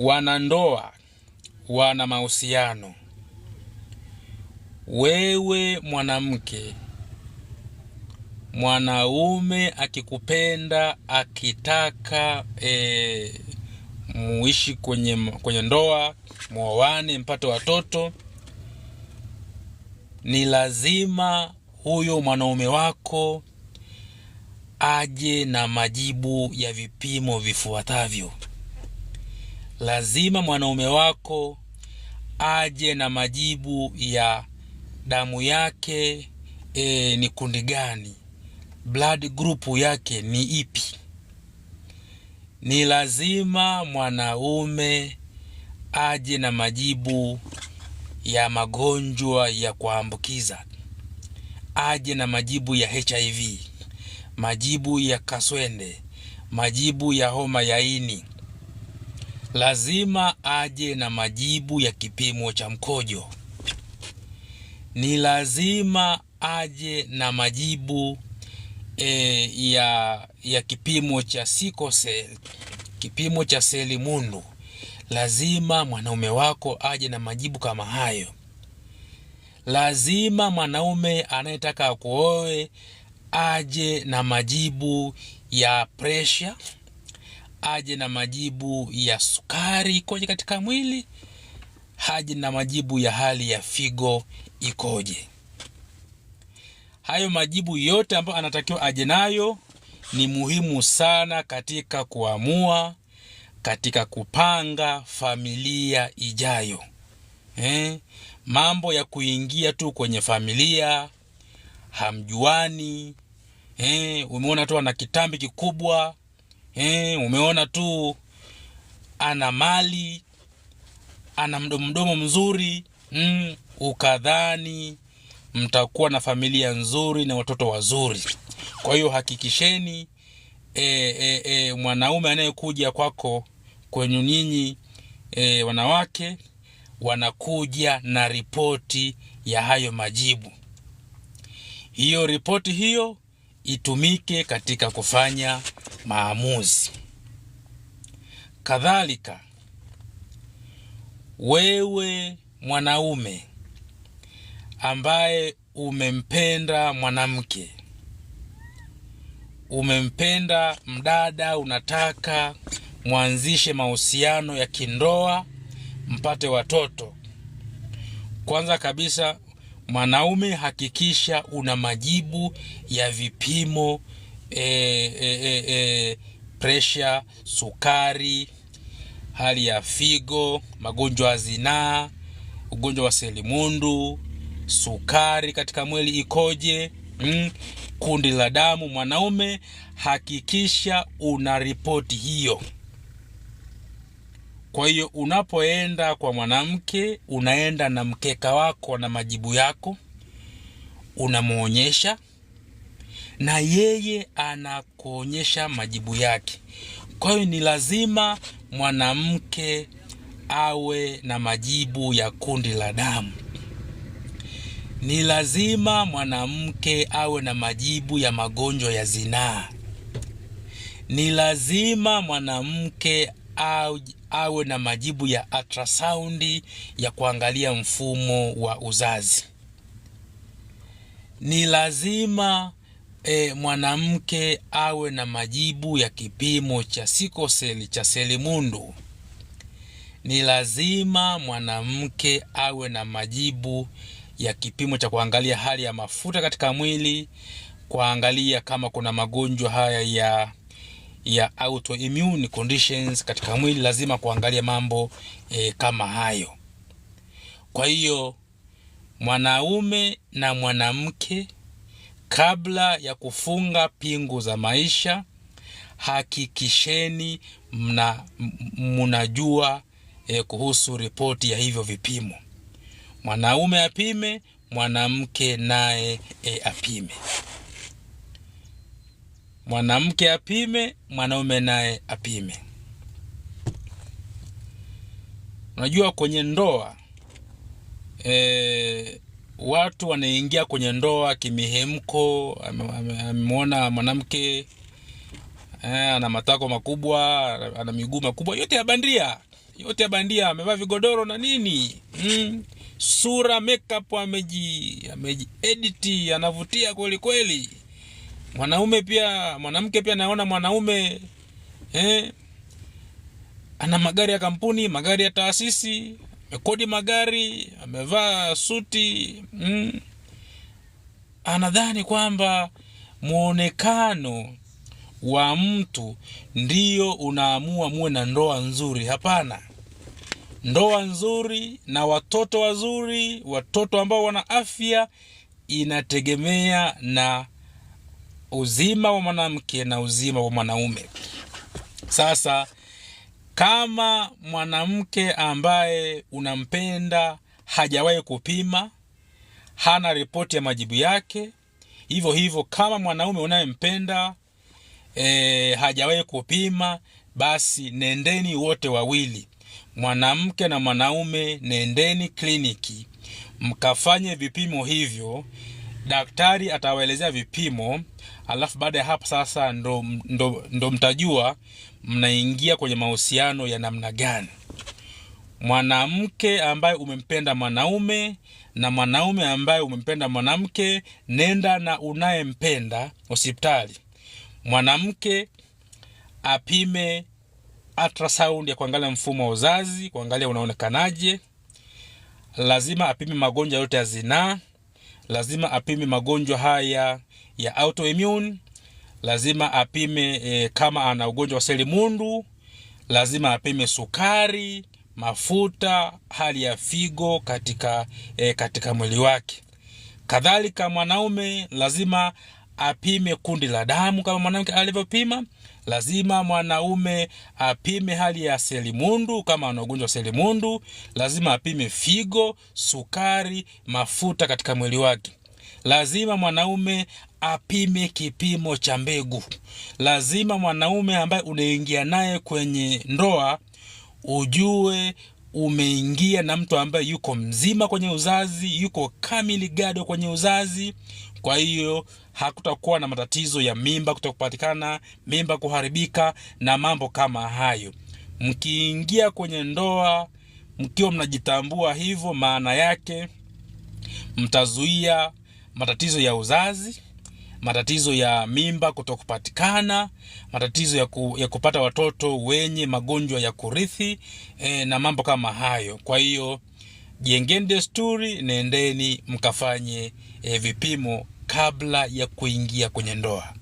wanandoa, wana mahusiano, wewe mwanamke, mwanaume akikupenda akitaka e, muishi kwenye, kwenye ndoa, muoane, mpate watoto, ni lazima huyo mwanaume wako aje na majibu ya vipimo vifuatavyo lazima mwanaume wako aje na majibu ya damu yake e, ni kundi gani, blood group yake ni ipi. Ni lazima mwanaume aje na majibu ya magonjwa ya kuambukiza, aje na majibu ya HIV, majibu ya kaswende, majibu ya homa ya ini lazima aje na majibu ya kipimo cha mkojo. Ni lazima aje na majibu e, ya, ya kipimo cha sel, kipimo cha seli mundu. Lazima mwanaume wako aje na majibu kama hayo. Lazima mwanaume anayetaka kuoe aje na majibu ya pressure aje na majibu ya sukari ikoje katika mwili, haje na majibu ya hali ya figo ikoje. Hayo majibu yote ambayo anatakiwa aje nayo ni muhimu sana katika kuamua, katika kupanga familia ijayo. Eh, mambo ya kuingia tu kwenye familia hamjuani. Eh, umeona tu ana kitambi kikubwa eh, umeona tu ana mali ana mdomo mdomo mzuri mm, ukadhani mtakuwa na familia nzuri na watoto wazuri kwa hiyo hakikisheni e, e, e, mwanaume anayekuja kwako kwenye nyinyi e, wanawake wanakuja na ripoti ya hayo majibu hiyo ripoti hiyo itumike katika kufanya maamuzi. Kadhalika wewe mwanaume ambaye umempenda mwanamke, umempenda mdada, unataka mwanzishe mahusiano ya kindoa mpate watoto. Kwanza kabisa, mwanaume, hakikisha una majibu ya vipimo e, eh, e, eh, e, eh, e, presha, sukari, hali ya figo, magonjwa ya zinaa, ugonjwa wa selimundu, sukari katika mwili ikoje, mm, kundi la damu mwanaume, hakikisha una ripoti hiyo. Kwa hiyo unapoenda kwa mwanamke, unaenda na mkeka wako na majibu yako, unamwonyesha na yeye anakuonyesha majibu yake. Kwa hiyo ni lazima mwanamke awe na majibu ya kundi la damu. Ni lazima mwanamke awe na majibu ya magonjwa ya zinaa. Ni lazima mwanamke awe na majibu ya ultrasound ya kuangalia mfumo wa uzazi. Ni lazima e, mwanamke awe na majibu ya kipimo cha sikoseli cha selimundu. Ni lazima mwanamke awe na majibu ya kipimo cha kuangalia hali ya mafuta katika mwili, kuangalia kama kuna magonjwa haya ya ya autoimmune conditions katika mwili, lazima kuangalia mambo e, kama hayo. Kwa hiyo mwanaume na mwanamke Kabla ya kufunga pingu za maisha, hakikisheni mna mnajua e, eh, kuhusu ripoti ya hivyo vipimo. Mwanaume apime, mwanamke naye e, apime. Mwanamke apime, mwanaume naye apime. Unajua kwenye ndoa e, watu wanaingia kwenye ndoa kimihemko, amemwona mwanamke eh, ana matako makubwa, ana miguu makubwa, yote ya bandia, yote ya bandia, amevaa vigodoro na nini mm. Sura makeup ameji ameji edit, anavutia kweli kweli. Mwanaume pia mwanamke pia naona mwanaume eh, ana magari ya kampuni, magari ya taasisi amekodi magari, amevaa suti mm. Anadhani kwamba mwonekano wa mtu ndio unaamua muwe na ndoa nzuri. Hapana, ndoa nzuri na watoto wazuri, watoto ambao wana afya, inategemea na uzima wa mwanamke na uzima wa mwanaume. Sasa kama mwanamke ambaye unampenda hajawahi kupima, hana ripoti ya majibu yake, hivyo hivyo kama mwanaume unayempenda e, hajawahi kupima, basi nendeni wote wawili, mwanamke na mwanaume, nendeni kliniki mkafanye vipimo hivyo. Daktari atawaelezea vipimo, alafu baada ya hapo sasa ndo, ndo, ndo mtajua mnaingia kwenye mahusiano ya namna gani. Mwanamke ambaye umempenda mwanaume na mwanaume ambaye umempenda mwanamke, nenda na unayempenda hospitali, mwanamke apime ultrasound ya kuangalia mfumo wa uzazi, kuangalia unaonekanaje. Lazima apime magonjwa yote ya zinaa, lazima apime magonjwa haya ya autoimmune lazima apime e, kama ana ugonjwa wa selimundu, lazima apime sukari, mafuta, hali ya figo katika, e, katika mwili wake. Kadhalika mwanaume lazima apime kundi la damu kama mwanamke alivyopima. Lazima mwanaume apime hali ya selimundu kama ana ugonjwa wa selimundu. Lazima apime figo, sukari, mafuta katika mwili wake. Lazima mwanaume apime kipimo cha mbegu. Lazima mwanaume ambaye unaingia naye kwenye ndoa ujue umeingia na mtu ambaye yuko mzima kwenye uzazi, yuko kamili gado kwenye uzazi. Kwa hiyo hakutakuwa na matatizo ya mimba kutokupatikana, mimba kuharibika na mambo kama hayo. Mkiingia kwenye ndoa mkiwa mnajitambua hivyo, maana yake mtazuia matatizo ya uzazi matatizo ya mimba kutokupatikana, matatizo ya, ku, ya kupata watoto wenye magonjwa ya kurithi e, na mambo kama hayo. Kwa hiyo jengeni desturi, nendeni mkafanye e, vipimo kabla ya kuingia kwenye ndoa.